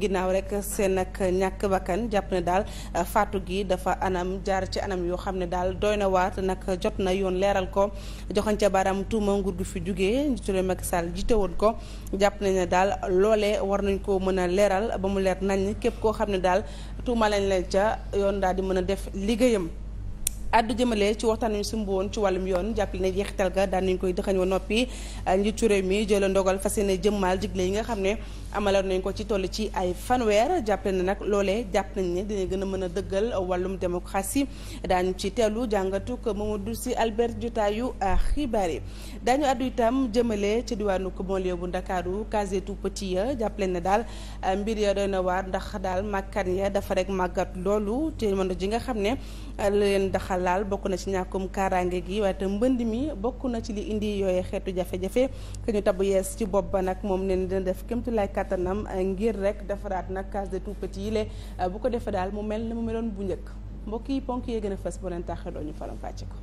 ginnaaw rek seen nag ñàkk bakkan jàpp ne daal uh, faatu gi dafa anam jaar ci anam yoo xam ne daal doy na waar te nag jot na yoon leeral ko joxañ ca baaraam tuuma nguur gu fi jóge njiitu réew Macky Sall jiite woon ko jàpp nañ ne daal loole war nañ ko mën a leeral ba mu leer nañ képp koo xam ne daal tuuma lañ leen ca yoon daal di mën a def liggéeyam addu jëmale ci waxtaan wi sumb woon ci wàllum yoon jàppale ne jeexital ga daan nañ koy dëxañ wa noppi euh, njiitu réew mi jëla ndogal fas yéene jëmmaal digle yi nga xam ne amaloon nañ ko ci toll ci ay fanweer jàppale na nag loole jàpp nañ ne dina gën a mën a dëggal wàllum démocratie daañu ci teelu jàngatu ko Mamadou Sy Albert jotaayu euh, xibaar yi daañu itam jëmale ci diwaanu ko bu Ndakaaru case tout petit ya jàppale ne daal euh, mbir ya doy na waar ndax daal màkkan ya dafa rek màggat loolu te mën ji nga xam ne leen daxal laal bokk na ci ñàkkum kaaraange gi waaye te mbënd mi bokk na ci li indi yooye xeetu jafe-jafe ke tabu yees ci bopp ba nag moom neen dina def kémtu lay kàttanam ngir rek defaraat nag case de tout petit yi bu ko defee daal mu mel ni mu meloon bu njëkk mbokk yi ponk yee gën a fës boo leen taxee doo ñu faram fàcce ko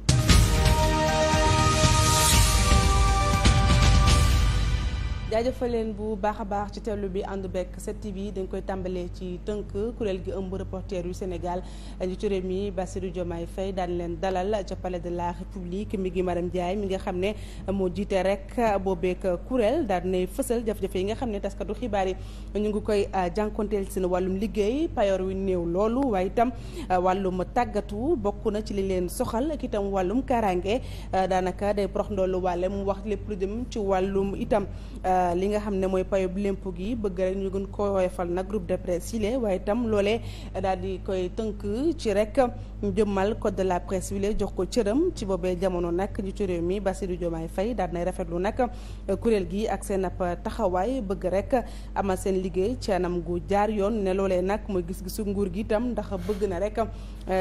jaajëfal leen bu baax a baax ci teewlu bi ànd bekk 7TV dañ koy tàmbalee ci tënk kuréel gi ëmb reporter yu Sénégal njiitu réew mi Bassirou Diomaye Faye daan leen dalal ca palais de la République mi ngi Maram Ndiaye mi nga xam ne moo jiite rek boobeek kuréel daal dinay fësal jafe yi nga xam ne taskatu xibaar yi ñu ngi koy ah, jànkonteel seen wàllum liggéey payoor wi néew loolu waaye itam ah, wàllum tàggatu bokk na ci li leen soxal ak itam wàllum kaaraange ah, daanaka day prox ndoolu wàlle mu wax lépp lu jëm ci wàllum itam li nga xam ne mooy payub lémp gi bëgg rek ñu gën ko woyofal nag groupe de presse yi la waaye itam loole daal di koy tënk ci rek jëmmal code de la presse bi la jox ko cëram ci boobee jamono nag njiitu réew mi Bassirou Diomaye Faye daal nay rafetlu nag kuréel gi ak seen ab taxawaay bëgg rek amal seen liggéey ci anam gu jaar yoon ne loolee nag mooy gis-gisu nguur gi itam ndax bëgg na rek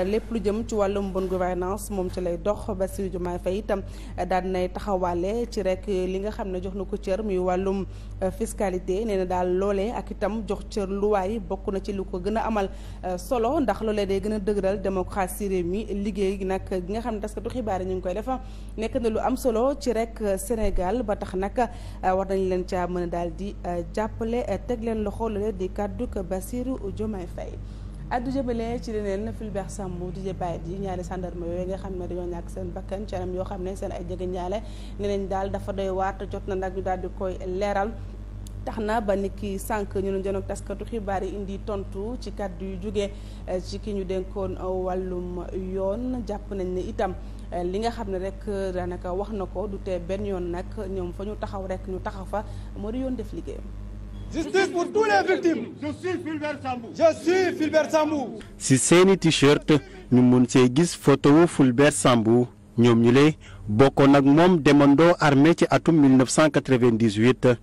lépp lu jëm ci wàllum bonne gouvernance moom ci lay dox Bassirou Diomaye Faye itam daal nay taxawaale ci rek li nga xam ne jox na ko cër muy wàllu wàllum euh, fiscalité nee na daal loolee ak itam jox cër luwaay bokk na ci lu ko gën a amal euh, solo ndax loolee day gën a dëgëral démocratie réew mi liggéey nag gi nga xam ne taskatu xibaar yi ñu ngi koy defa nekk na lu am solo ci rek euh, Sénégal ba tax nag war nañ leen caa mën a daal di jàppale teg leen loxo loolee di kàddu Bassirou Diomaye Faye ak jëmale ci leneen Fulbert Sambou di bàyyit yi ñaari sandarme yooyu nga xam ne dañoo ñàkk seen bakkan ci xam ne seen ay jege ñaale ne daal dafa doy waar jot na nag ñu daal di koy leeral tax na ba nit ki sànq ñu doon jënoog taskatu xibaar yi indi tontu ci kàddu yu jóge eh, ci ki ñu dénkoon eh, wàllum yoon jàpp nañ ne itam eh, li nga xam ne rek daanaka wax na ko du tee benn yoon nag ñoom fa ñu taxaw rek ñu taxaw fa moo di yoon def liggéey ci seeni t ñu mën see gis photo wu Fulbert Sambou ñoom ñu lay bokkoon ak moom demandoo armée ci atum 1998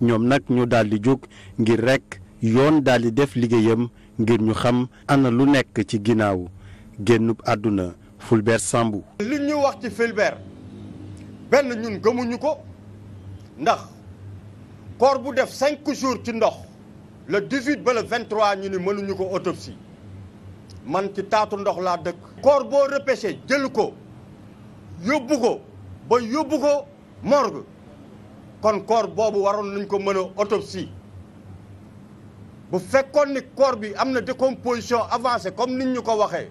ñoom nag ñu daldi jóg ngir rekk yoon daldi def liggéeyam ngir ñu xam ana lu nekk ci ginnaaw génnub àdduna Fulbert Sambou. li ñu wax ci Fulbert benn ñun gëmuñu ko ndax. corps bu def cinq jours ci ndox le 18 ba le 23 ñu ni mënuñu ko autopsie man ci taatu ndox laa dëkk. koor boo repêché jël ko yóbbu ko ba yóbbu ko morgue kon corps boobu waroon nañ ko mën a autopsie bu fekkoon ni corps bi am na décomposition avancée comme nit ñu ko waxee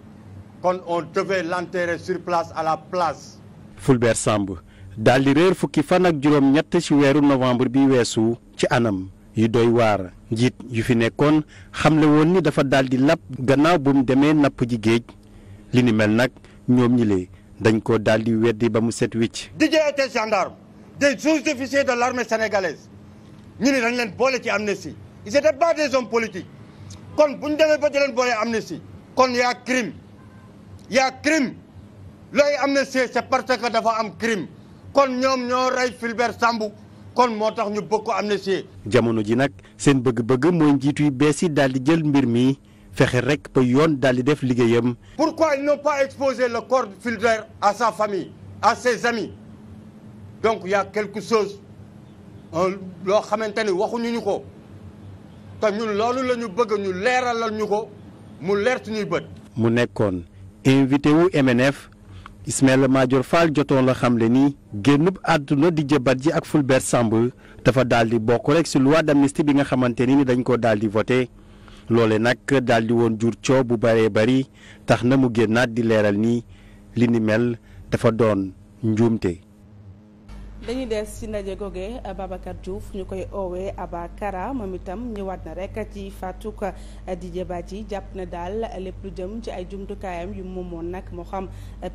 kon on devait l'enterrer sur place à la place. Fulbert Samb. daal di réer fukki fan ak juróom-ñett ci weeru novembre bi weesu ci anam yu dooy waar njiit yu fi nekkoon xamle woon ni dafa daal di lab gannaaw bu mu demee napp ji géej li ni mel nag ñoom ñile dañ ko daal di weddi ba mu set wicc. Didier était gendarme des sous-officiers de l'armée sénégalaise ñu ne dañ leen boole ci amnistie ils étaient pas des hommes politiques kon bu ñu demee ba di leen boole amnistie kon yaa a crime y a crime looy amnistie c'est parce que dafa am crime. kon ñoom ñoo rey Fulbert Sambou kon moo tax ñu bëgg ko amnistier jamono ji nag seen bëgg-bëgg mooy njiitu yu bees yi daal di jël mbir mi fexe rek ba yoon daal di def liggéeyam. pourquoi ils n'ont pas exposé le corps de à sa famille à ses amis donc y a quelque sos euh, loo xamante ni waxuñu ñu ko te ñun loolu la bëgg ñu leeralal ñu ko mu leer suñuy bët. mu nekkoon invité wu MNF. Ismaïla Madior Fall jotoon la xamle ni génnub àdduna di jëbat ji ak Fulbert Samb dafa daal di bokk rek si loi d'amnistie bi nga xamante ni ni dañ ko daal di voté loole nag daal di woon jur coow bu bëree bëri tax na mu génnaat di leeral ni li ni mel dafa doon njuumte. dañuy des ci ndaje goge Babacar Diouf ñu koy oowee Aba Kara moom itam ñëwaat na rek ci di Didier Badji jàpp ne daal lépp lu jëm ci ay jumtukaayam yu moomoon nag moo xam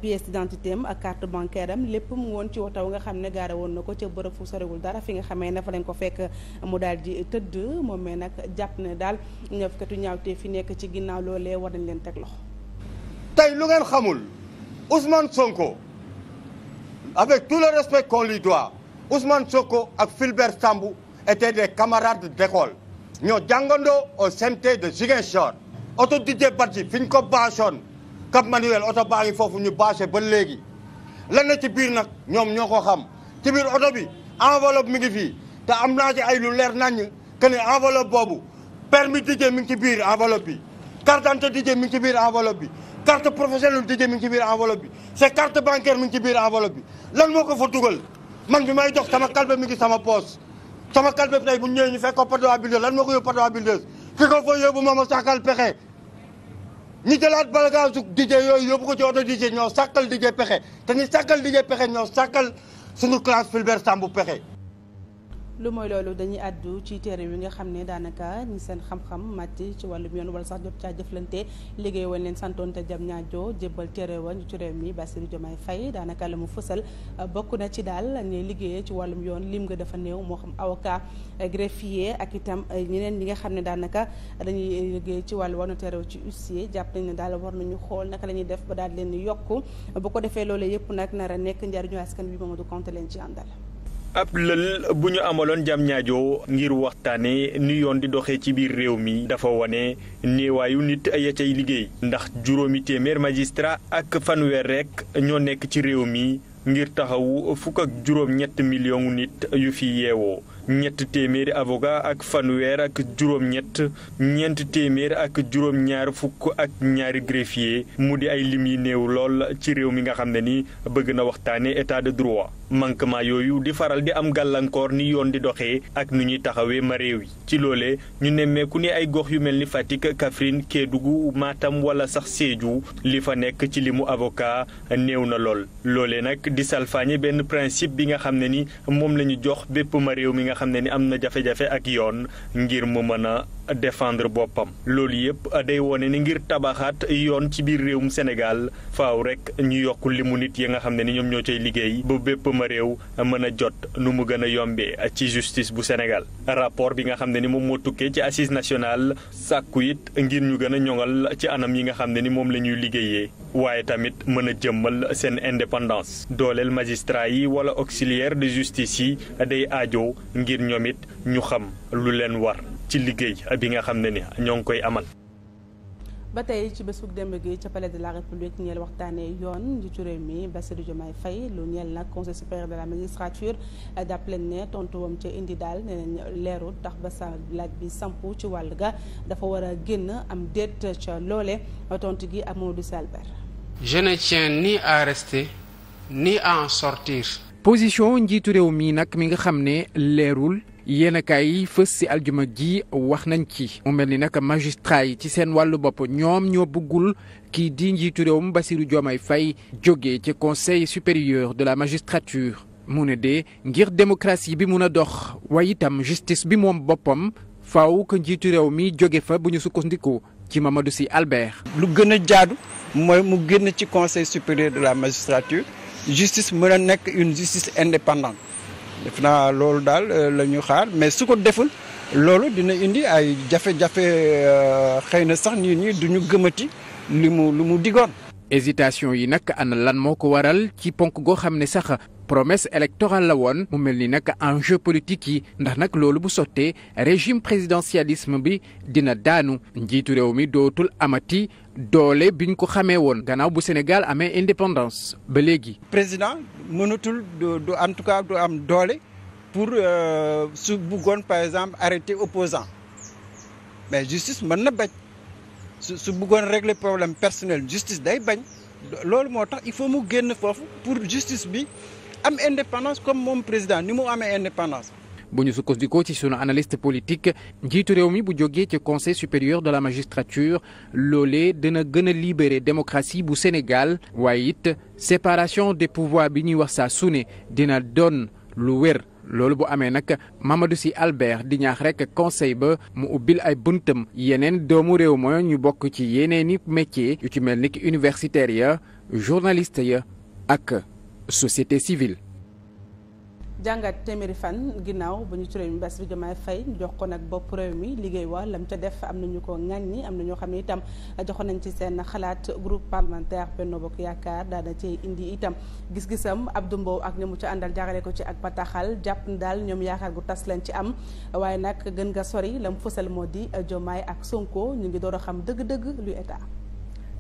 pièce d'identité ak kart bancaire lépp mu woon ci wotaw nga xam ne gaare woon na ko ca bërëb fu sorewul dara fi nga xamee ne fa lañ ko fekk mu daal di tëdd moom mee nag jàpp na daal ñëwkatu ñaawtee fi nekk ci ginnaaw loolee war nañ leen teg loxo. tey lu ngeen xamul Ousmane Sonko. avec tout le respect qu'on lui doit Ousmane Sonko ak Fulbert Sambou étaient des camarades d'école ñoo jàngandoo au CMT de Ziguinchor oto Didier Badji fi ñu ko baasoon Cap Manuel oto baa ngi foofu ñu baase ba léegi lan na ci biir nag ñoom ñoo ko xam ci biir oto bi enveloppe mi ngi fii te am naa ci ay lu leer naññ que ne enveloppe boobu permis Didier mi ngi ci biir enveloppe bi carte d'identité Didier mi ngi ci biir enveloppe bi carte professionnelle mu tijjee mi ngi ci biir enveloppe bi sa carte bancaire mi ngi ci biir enveloppe bi lan moo ko fa dugal man bi may dox sama kalbe mi ngi sama poos sama kalbe bi tey bu ñu ñëwee ñu fekk ko padoa bildeuse lan moo ko yóbbu padoa bildeuse ki ko fa yóbbu mooma sàkkal pexe ñi jëlaat balagaasu dijee yooyu yóbbu ko ci oto dijee ñoo sàkkal dijee pexe te ñi sàkkal dijee pexe ñoo sàkkal suñu classe Fulbert Sambou pexe lu mooy loolu dañuy àddu ci téere bi nga xam ne daanaka ñi seen xam-xam màcc ci wàllum yoon wala sax jot caa jëflante liggéey woon leen santoon te jam ñaajoo jébbal téere wa ci réew mi Bassirou Diomaye fay daanaka la mu fësal bokk na ci daal ñuy liggéeyee ci wàllum yoon lim nga dafa néew moo xam avocat greffier ak itam ñeneen ñi nga xam ne daanaka dañuy liggéey ci wàllu notaire ci huissier jàpp nañ ne daal war nañu xool naka la ñuy def ba daal leen yokk bu ko defee loolu yëpp nag nar a nekk njariñu askan bi Mamadou Konte leen ci àndal ab lël bu ñu amaloon jam ñaajoo ngir waxtaane ni yoon di doxee ci biir réew mi dafa wane néewaayu nit ya cay liggéey ndax juróomi téeméer magistrat ak fanweer rekk ñoo nekk ci réew mi ngir taxawu fukk ak juróom ñett million nit yu fi yeewoo ñett téeméeri avocat ak fanweer ak juróom-ñett ñeent téeméer ak juróom-ñaar fukk ak ñaari greffier mu di ay lim yi néew lool ci réew mi nga xam ne ni bëgg na waxtaane état de droit manquement yooyu di faral di am gàllankoor ni yoon di doxee ak nu ñuy taxawee ma réew yi ci loole ñu nemmeeku ni ay gox yu mel ni Fatick Kaffrine Kédougou Matam wala sax Sédhiou li fa nekk ci limu avocat néew na lool loole nag di salfaañe benn principe bi nga xam ne ni moom la ñu xam ne ni am na jafe-jafe ak yoon ngir mu mën a defendre boppam loolu yëpp day wone ni ngir tabaxaat yoon ci biir réewum Sénégal faaw rek ñu yokk limu nit yi nga xam ne ni ñoom ñoo cay liggéey ba bépp ma réew mën a jot nu mu gën a yombee ci justice bu Sénégal rapport bi nga xam ne ni moom moo tukkee ci assise nationale sàkku it ngir ñu gën a ñoŋal ci anam yi nga xam ne ni moom la ñuy liggéeyee waaye tamit mën a jëmmal seen indépendance dooleel magistrat yi wala auxiliaire de justice yi day aajo ngir ñoom it ñu xam lu leen war ci liggéey bi nga xam ne ni ñoo ngi koy amal. ba tey ci bés bu démb gi ca palais de la république ñeel waxtaanee yoon njiitu réew mi Bassirou Diomaye Faye lu ñeel nag conseil supérieur de la magistrature jàpp leen ne tontu wam ca indi daal nee leerul tax ba sa laaj bi sampu ci wàll ga dafa war a génn am déet ca loole tontu gi Amadou Salbert. je ne tiens ni à rester ni à en sortir. position njiitu réew mi nag mi nga xam ne leerul. yéenekaay yi fës si aljuma ji wax nañ ci mu mel ni nag magistrat yi ci seen wàllu bopp ñoom ñoo bëggul kii di njiitu réew réewum Bassirou Diomaye fay jóge ci conseil supérieur de la magistrature mu ne de ngir démocratie bi mun a dox waaye itam justice bi moom boppam faw ko njiitu réew mi jóge fa bu ñu sukkandiku ci Mamadou Sy Albert. lu gën a jaadu mooy mu génn ci conseil supérieur de la magistrature justice mën a nekk une justice indépendante. def naa loolu daal euh, la ñu xaar mais su ko deful loolu dina indi ay jafe-jafe euh, xëy na sax nit ñi duñu gëmati li mu lu mu digoon. hésitation yi nag ana lan moo ko waral ci ponk goo xam ne sax promesse électorale la woon mu mel ni nag enjeu politique yi ndax nag loolu bu sottee régime présidentialisme bi dina daanu njiitu réew mi dootul amati doole bi biñ ko xamee woon gannaaw bu Sénégal amee indépendance ba léegi. président mënatul du en tout cas du am doole pour euh, su buggoon par exemple arrêter opposant mais justice mën na bañ su su bëggoon régler problème personnel justice day bañ loolu moo tax il faut mu génn foofu pour justice bi. am indépendance comme moom président ni mu amee indépendance. bu ñu sukkandikoo ci sunu analyste politique njiitu réew mi bu jógee ci conseil supérieur de la magistrature loolee dina gën a libérer démocratie bu Sénégal waaye it séparation des pouvoirs bi ñuy wax saa su ne dina doon lu wér loolu bu amee nag Mamadou Sy Albert di ñaax rek conseil ba mu ubbil ay buntam yeneen doomu réew mooy ñu bokk ci yeneeni métier yu ci mel ni ki universitaire ya journaliste ya ak. société civil jàngat téeméeri fan ginnaaw ba ñu turee mi bas jox ko nag bopp réew mi liggéey wa lam ca def am na ñu ko ni am na ñoo xam ne itam joxoon nañ ci seen xalaat groupe parlementaire Benno Bokk Yaakaar daana ci indi itam gis-gisam Abdou Mbow ak ñi mu ci àndal jaarale ko ci ak bataaxal jàpp na daal ñoom yaakaar gu tas lañ ci am waaye nag gën nga sori lam fësal moo di Diomaye ak Sonko ñu ngi door a xam dëgg-dëgg lu état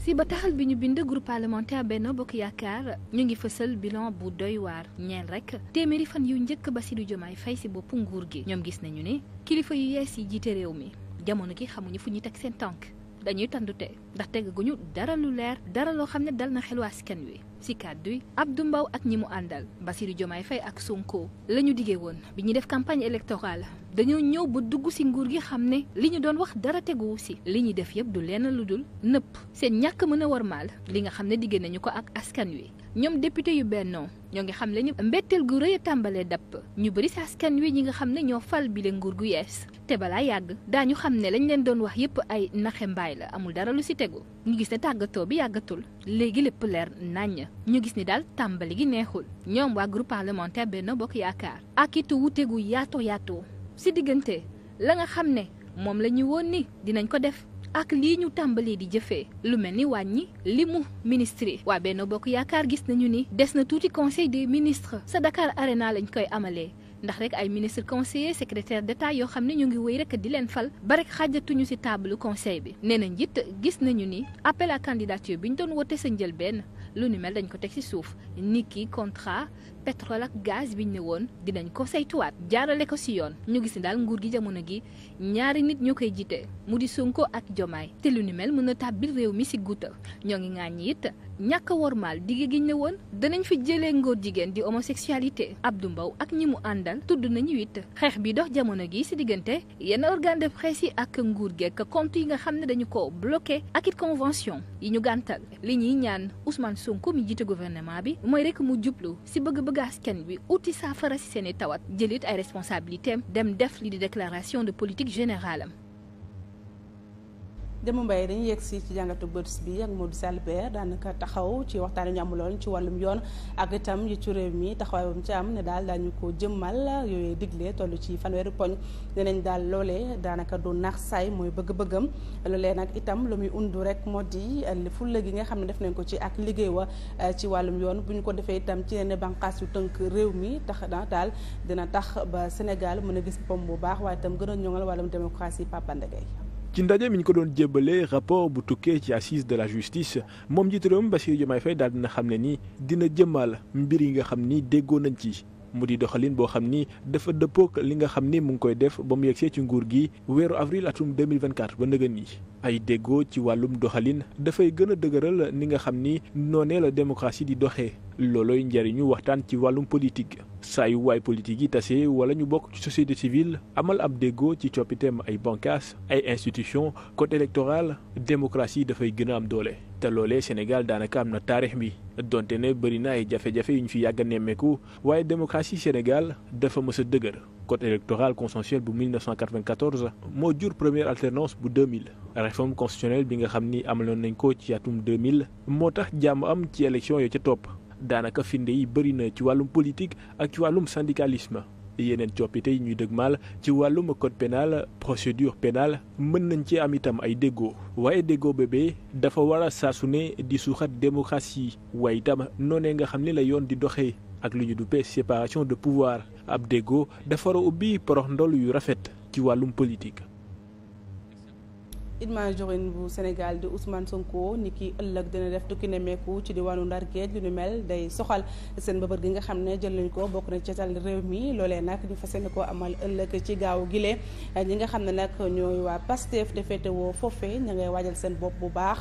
si taxal bi ñu bind groupe parlementaire Benno Bokk Yaakaar ñu ngi fësal bilan bu doy waar ñeel rek téeméeri fan yu njëkk ba Bassirou Diomaye Faye si boppu nguur gi ñoom gis nañu ni kilifa yu yees yi jiite réew mi jamono gi xamuñu fu ñuy teg seen tànk dañuy tandute ndax tegaguñu dara lu leer dara loo xam ne dal na xel askan wi si kàddu yi Abdou Mbow ak ñi mu àndal Bassirou Diomaye Faye ak Sonko la ñu diggee woon bi ñuy def campagne électorale dañoo ñëw bu dugg si nguur gi xam ne li ñu doon wax dara teguwu si li ñuy def yëpp du lenn lu dul nëpp seen ñàkk mën a warmaal li nga xam ne diggee nañu ko ak askan wi ñoom député yu bennoo ñoo ngi xam le ni mbetteel gu rëy a tàmbalee dapp ñu bëri saaskan askan wi ñi nga xam ne ñoo fal bi leen nguur gu yees te balaa yàgg daañu xam ne lañ leen doon wax yépp ay naxe mbaay la amul dara lu si tegu ñu gis ne tàggatoo bi yàggatul léegi lépp leer naññ ñu gis ni daal tàmbali gi neexul ñoom waa groupe parlementaire Benno Bokk Yaakaar ak itu wute gu yaatoo yaato si diggante la nga xam ne moom la ñu woon ni dinañ ko def ak lii ñu tàmbalee di jëfee lu mel ni wàññi li mu ministre waa Benno Bokk Yaakaar gis nañu ni des na tuuti conseil des ministres sa Dakar Arena lañ koy amalee ndax rek ay ministre conseiller secrétaire d'état yoo xam ne ñu ngi wéy rek di leen fal ba rek xàjjatuñu ci table conseil bi nee na njiit gis nañu ni appel à bi ñu doon wote sa benn lu ni mel dañ ko teg ci suuf ni ki pétrole ak gaz bi ñu ne woon dinañ ko saytuwaat jaarale ko ci yoon ñu gis ni daal nguur gi jamono gi ñaari nit ñoo koy jiite mu di Sonko ak Jomaay te lu ni mel mën a tàbbil réew mi ci guuta ñoo ngi ŋàññi it ñàkk a wormaal digg gi ñu ne woon danañ fi jëlee ngóor jigéen di homosexualité Abdou mbaw ak ñi mu àndal tudd nañu it xeex bi dox jamono gi ci diggante yenn organe de presse yi ak nguur geek compte yi nga xam ne dañu ko bloqué ak it convention yi ñu gàntal li ñuy ñaan Ousmane Sonko jiite gouvernement bi mooy rek bëgg askan wi uti saafara si seeni tawat jëlit ay responsabilité am dem def li di déclaration de politique générale am Demba Mbaye dañuy yegg si ci jàngatu bés bi ak Modou Sall PR daanaka taxaw ci waxtaan yi ñu amuloon ci wàllum yoon ak itam yi ci réew mi taxawaay bu mu ci am ne daal daañu ko jëmmal yooyu digle toll ci fanweeri poñ dinañ daal loolee daanaka du naax saay mooy bëgg-bëggam loolee nag itam lu undu rek moo di fulla gi nga xam ne def nañ ko ci ak liggéey wa eh, ci wàllum yoon bu ñu ko defee itam ci yenn bànqaas yu tënk réew mi tax na daal dina tax ba Sénégal mën a gis boppam bu baax waaye itam gën a ñoŋal wàllum démocratie Papa Ndeye ci ndaje mi ñu ko doon jébbalee rapport bu tukkee ci assise de la justice moom njiitu réew mi Bassirou Diomaye fay daal dina xam ne ni dina jëmal mbir yi nga xam ni déggoo nañ ci. mu di doxalin boo xam ni dafa dëppook li nga xam ni mu ngi koy def ba mu yegsee ci nguur gi weeru avril atum 2024 ba nëgën yi ay déggoo ci wàllum doxalin dafay gën a dëgëral ni nga xam ni noonee la démocratie di doxee loolooy njariñu waxtaan ci wàllum politique saa yu waay politique yi tase wala ñu bokk ci société civile amal ab déggoo ci coppiteem ay bànqaas ay institutions code électoral démocratie dafay gën a am doole. te loolee Sénégal daanaka am na taarix bi donte ne bëri na ay jafe-jafe yu ñu fi yàgg a nemmeeku waaye démocratie Sénégal dafa mës dëgër code électoral consensuel bu 1994 moo jur première alternance bu 2000 réforme constitutionnelle bi nga xam ni amaloon nañ ko ci atum 2000 moo tax jàmm am ci élection yoo ca topp daanaka finde yi bëri na ci wàllum politique ak ci wàllum syndicalisme. yeneen coppite yi ñuy dëgmaal ci wàllum code pénal procédure pénale mën nañ ci am itam ay déggoo waaye déggoo bébé dafa war a saasu ne di suuxat démocratie waaye itam noone nga xam ne la yoon di doxee ak lu ñu duppee séparation de pouvoir ab déggoo dafa war a ubbi porox ndol yu rafet ci wàllum politique. Image bu senegal di Ousmane Sonko ni ki ëllëg dina def tukki nemmeeku ci diwaanu Ndar géej lu ni mel day soxal seen bëbër gi nga xam ne jël nañ ko bokk na ci tal réew mi loolee nag ñu fas yéene ëllëg ci gaaw gile ñi nga xam ne nag ñooy waa Pastef defeete woo foofe ña ngay waajal seen bopp bu baax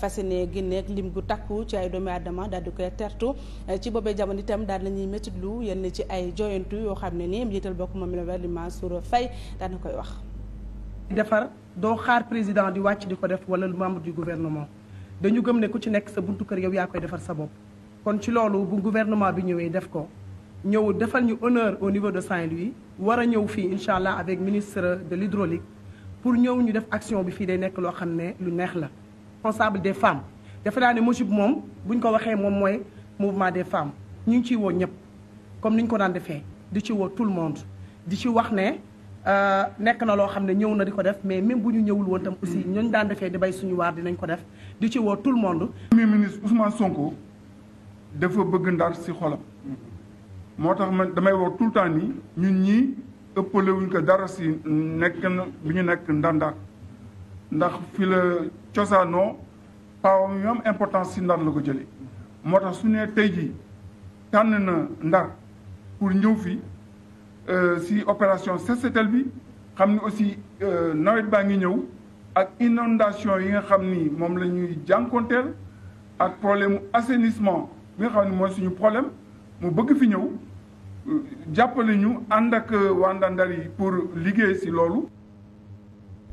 fas ne ginneeg lim gu takku ci ay doomi aadama daal di koy tertu ci boobee jamono itam daal nañuy métitlu yenn ci ay joyantu yoo xam ne nii ni njiital bokk moom la Mansour Faye daana koy wax defar doo xaar président di wàcc di ko def wala membre du gouvernement dañu gëm ne ku ci nekk sa buntu kër yow yaa koy defar sa bopp kon ci loolu bu guvernement bi ñëwee def ko ñëw defal ñu honneur au niveau de Saint-Louis war a ñëw fii incha allah avec ministre de l'hydraulique pour ñëw ñu def action bi fii day nekk loo xam ne lu neex la responsable des femmes defe naa ne MOJUB moom buñ ko waxee moom mooy mouvement des femmes ñu ngi ciy woo ñëpp comme ni ñu ko daan defee di ci woo tout le monde di ci wax ne Euh, nekk na loo xam ne ñëw na di ko def mais même bu ñu ñëwul woon tam aussi ñooñu daan defee di bay suñu waar dinañ ko def di ci woo tout le monde. premier ministre Ousmane Sonko dafa bëgg ndar si xolam. moo tax ma damay woo tout le temps nii ñun ñii ëppale ko dara si nekk bu ñu nekk ndar-ndar ndax fi la cosaanoo paawam yu am importance si ndar la ko jëlee moo tax su ne tey jii tànn na ndar pour ñëw fii Euh, si opération set bi xam ni aussi euh, nawet baa ngi ñëw ak inondation yi nga xam ni moom la ñuy jànkonteel ak problème mu assainissement bi nga xam ni mooy suñu problème mu bëgg fi ñëw euh, jàppale ñu ànd ak waa yi pour liggéey si loolu.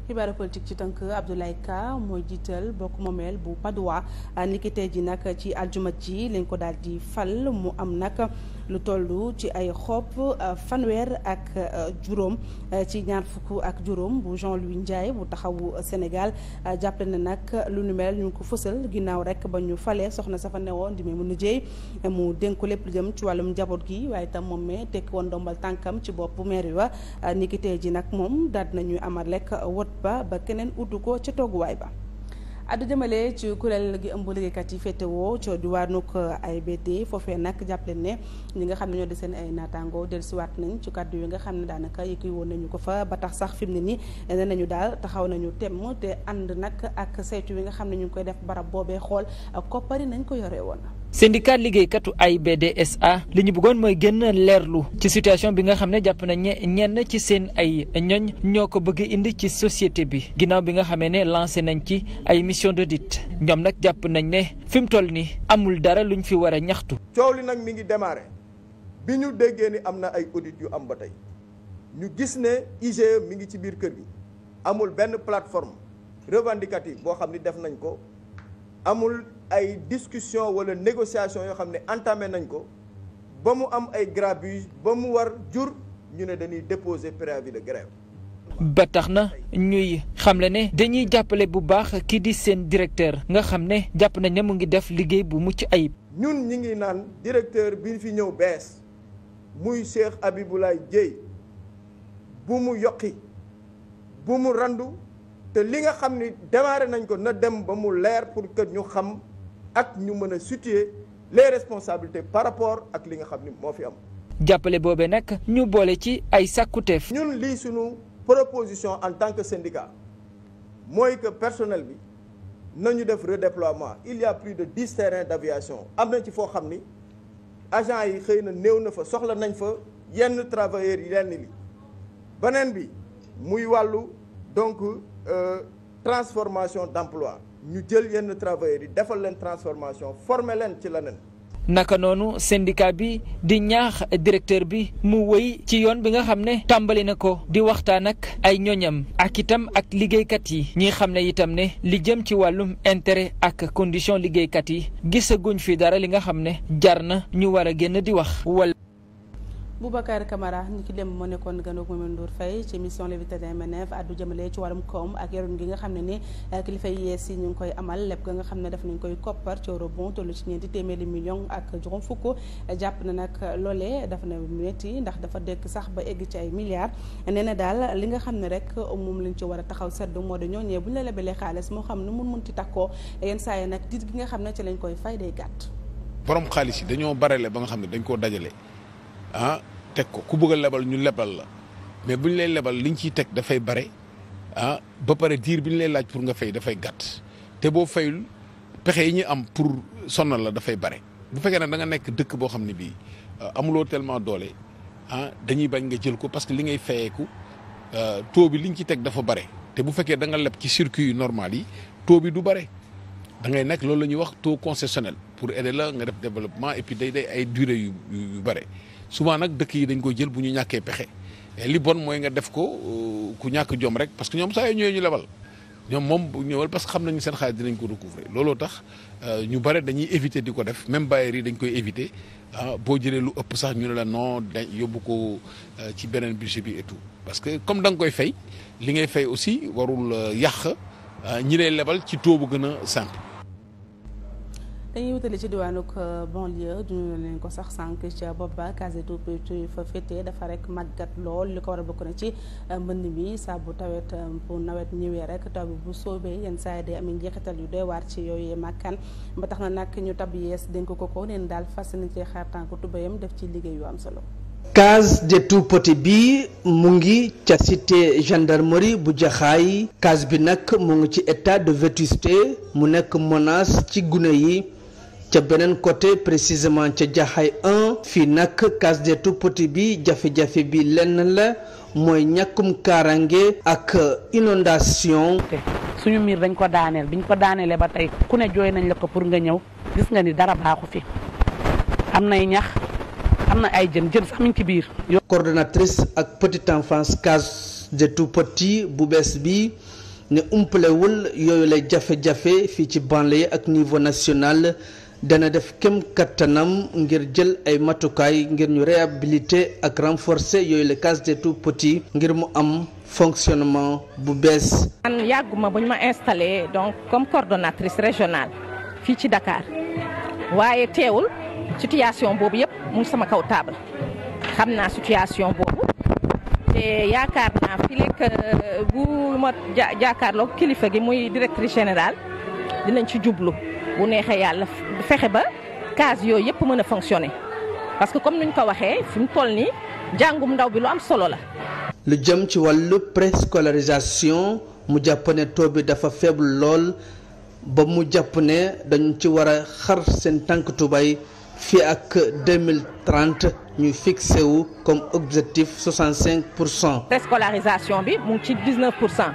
xibaar politique ci tank Abdoulaye Ka mooy jiital bokk moomeel bu Padoa niki tey ji nag ci aljuma ji lañ ko daal di fal mu am nag. lu toll ci ay xob euh, fanweer ak euh, juróom euh, ci ñaar fukk ak juróom bu Jean-Louis Ndiaye bu taxawu Sénégal jàppale na nag lu nu mel ñu ngi ko fësal ginnaaw rek ba ñu falee soxna sa fa newoon di Maimouna Dièye mu dénk lépp lu jëm ci wàllum njaboot gi waaye itam moom mi tekki woon ndombal tànkam ci boppu mairie wa niki tey ji nag moom daal nañuy amal lekk wot ba ba keneen uddu ko ca tooguwaay ba addu jëmale ci kuréel gi ëmb liggéeykat yi féetewoo ca diwaanug eh, AIBD foofe nag jàppale ne ñi nga xam ne ñoo di seen ay naataango dellusiwaat nañ ci kàddu yi nga xam ne daanaka yëkki woon nañu ko fa ba tax sax fi mu ne nii eh, nee nañu daal taxaw nañu temm te ànd nag ak saytu yi nga xam ne ñu ngi koy def barab boobee xool eh, koppari nañ ko yore woon. syndicat liggéeykatu ay AIBDSA li ñu bëggoon mooy gën leerlu ci situation bi nga xam ne jàpp nañ ñe ñenn ci seen ay ñoñ ñoo ko bëgg indi ci société bi ginnaaw bi nga xamee ne lancé nañ ci ay mission d'audit ñoom nag jàpp nañ ne fi mu toll nii amul dara lu luñ fi war ñaxtu. coow li nag mi ngi démarré bi ñu déggee ni am na ay audit yu am ba tey ñu gis ne IGE mi ngi ci biir kër gi amul benn plateforme revendicative boo xam ni def nañ ko ay discussion wala négociation yoo xam ne entamé nañ ko ba mu am ay grabuge ba mu war jur ñu ne dañuy déposer préavis de grève ba tax na ñuy xamle ne dañuy jàppale bu baax kii di seen directeur nga xam ne jàpp nañ ne mu ngi def liggéey bu mucc ayib ñun ñi ngi naan directeur bi fi ñëw bees muy seex Abiboulaye Dièye bu mu yokki bu mu randu te li nga xam ne démarré nañ ko na dem ba mu leer pour kër ñu xam ak ñu mën a situer les responsabilités par rapport ak li nga xam ni moo fi am. jàppale boobee nag ñu boole ci ay sàkkuteef. ñun lii suñu proposition en tant que syndicat mooy que personnel bi nañu def redéploiement il y a plus de dix terrains d'aviation am na ci foo xam ni agents yi xëy na néew na fa soxla nañ fa yenn travailleurs yi lenn li beneen bi muy wàllu donc euh, transformation d'emploi ñu jël yenn travailleurs yi defal leen transformation former leen ci leneen. naka noonu syndicat bi di ñaax directeur bi mu woy ci yoon bi nga xam ne tàmbali na ko di waxtaan ak ay ñoñam ak itam ak liggéeykat yi ñi xam ne itam ne li jëm ci wàllum intéret ak condition liggéeykat yi gisaguñ fi dara li nga xam ne jar na ñu war a génn di wax Boubacar Camara ni ki dem moo nekkoon gënoog Mamadou Ndour Faye ci mission L'invité d'un MNF addu jëmale ci wàllum koom ak yoroon gi nga xam ne ni eh, kilifa yi yees yi ñu ngi koy amal lépp nga xam ne daf nañ koy koppar ci eurobond tollu ci ñeenti téeméeri ak juróom fukk jàpp na nag loolee dafa na metti ndax dafa dëkk sax ba egg ci ay milliards nee na daal li nga xam ne rek moom lañu ci war a taxaw sedd moo di ñooñee bu ñu la lebalee xaalis moo xam ne mun mun ti takkoo yenn saa yi nag diit gi nga xam ne ci lañ koy fay day gàtt borom xaalis yi dañoo barale ba nga xam ne dañ koo dajale ah, teg ko ku bëgg lebal ñu lebal la mais bu ñu lay lebal li ñu ciy teg dafay bare ah ba pare diir bi ñu lay laaj pour nga fay dafay gàtt te boo fayul pexe yi ñu am pour sonal la dafay bare bu fekkee ne da nga nekk dëkk boo xam ne bii ah, amuloo tellement doole ah dañuy bañ nga jël ko parce que li ngay fayeeku ah, taux bi liñ ci teg dafa bare te bu fekkee da nga leb ci circuit yu normal yi taux bi du bare da ngay nekk loolu la ñuy wax taux concessionnel pour aider la nga def développement et day day ay durée yu yu bare souvent nag dëkk yi dañ koy jël bu ñu ñàkkee pexe li bon mooy nga def ko euh, ku ñàkk jom rek parce que ñoom sax yoo ñëwee ñu lebal ñoom moom ñëwal parce que xam nañu seen xaalis dinañ ko recouvrer looloo tax euh, ñu bare dañuy éviter di ko def même bailleurs yi dañ koy éviter ah, boo jëlee lu ëpp sax ñu ne la non dañ yóbbu ko euh, ci beneen budget bi et tout parce que comme danga koy fay li ngay fay aussi warul yàq ñi lay lebal ci taux bu gën a simple. dañuy wutale ci diwaanu euh, banlieue duñu leen ko sax sànq ca bopp ba case des tout-petits fa féetee dafa rek màggat lool li ko war bokk na ci euh, mbënn mi saa bu tawet euh, bu nawet ñëwee rek taw bu soobee yenn saa yi day amee njeexital yu doy waar ci yooyee màkkaan ba tax na nag ñu tab yees dénk ko ko neen daal fas na cee xaar tànk tubayam def ci liggéey yu am solo case des tout-petits bi mu ngi ca cité gendarmerie bu jaxaay case bi nag mu ngi ci état de vétusté mu nekk menace ci gune yi ca beneen côté précisément ca jaxaay en fii nag case des tout bi jafe-jafe bi lenn la mooy ñàkkum kaarange ak inondation suñu miir dañ ko daaneel biñ ko daaneelee ba tey ku ne jooy nañ la ko pour nga ñëw gis nga ni dara baaxu fi am nay ñax am na ay jën jën sax mi ngi ci biir. coordonnatrice ak petite enfance case des tout bu bees bi. ne umpalewul yooyu lay jafe-jafe fii ci yi ak niveau national dana def kem kattanam ngir jël ay matukaay ngir ñu réhabiliter ak renforcer yooyu la case des tout petits ngir mu am fonctionnement bu bees. man yàgguma bu ñu ma installé donc comme coordonnatrice régionale fii ci dakaar waaye teewul situation boobu yëpp mu sama kaw taabal xam naa situation boobu te yaakaar naa fii lekk euh, bu ma ja jaakaarloo kilifa gi muy directrice générale dinañ ci jublu. bu neexee yàlla fexe ba case yooyu yëpp mën a fonctionner parce que comme nuñ ko waxee fi mu toll nii jàngum ndaw bi lu am solo la. lu jëm ci wàllu préscolarisation mu jàpp ne taux bi dafa faible lool ba mu jàpp ne dañ ci war a xar seen tànk tubay fii ak 2030 ñu fixé wu comme objectif 65 pour cent. préscolarisation bi mu ci 19 pour cent.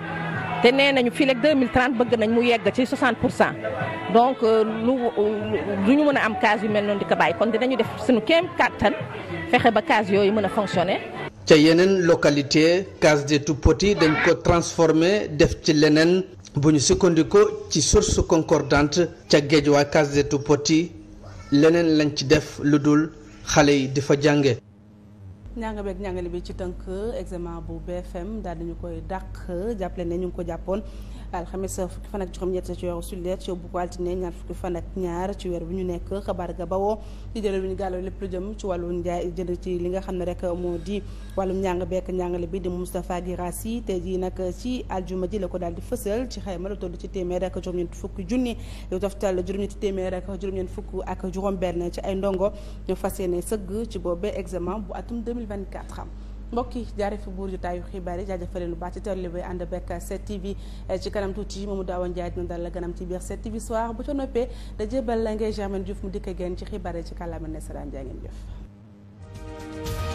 te nee nañu fii léegi 2030 bëgg nañ mu yegg ci pour cent donc euh, lu euh, lu ñu mën a am case yi mel noonu di ko bàyyi kon dinañu def suñu kem kàttan fexe ba case yooyu mën a fonctionner. ca yeneen localité case de Tout-Poti dañ ko transformé def ci leneen bu ñu sukkandikoo ci source concordante ca géej waa case de Tout-Poti leneen lañ ci def lu dul xale yi di fa jànge ñanga beeg ñàngale bi ci tënk examen bu BFM daal di ñu koy dàq jàppale ne ñu ko jàppoon alxames fukki fan ak juróom-ñett ci weeru sulet ci bu ko altine ñaar fukki fan ak ñaar ci weer bi ñu nekk xabaar ga bawoo ci jële bi ñu gàlloo lépp lu jëm ci wàllu njaay jënd ci li nga xam ne rek moo di wàllum njàng bekk njàngale bi di Moustapha Guirassy tey jii nag ci aljuma ji la ko daal di fësal ci xayma lu toll ci téeméer ak juróom-ñeent fukki junni yu toftal juróom-ñetti téeméer ak juróom-ñeent fukk ak juróom-benn ci ay ndongo ñu fas yéene sëgg ci boobee examen bu atum 2024 xam mbokk yi jaare fi buur jotaayu xibaar yi jaajëfale lu baax ci teewlu bi ànd bekk 7TV eh, ci kanam tuuti Mamadou Awa Ndiaye dina dal la ganam ci biir 7TV soir bu ca noppee da jébal la ngay Germaine Diouf mu dikk génn ci xibaar yi ci kàllaama nasaraan jaa ngeen jëf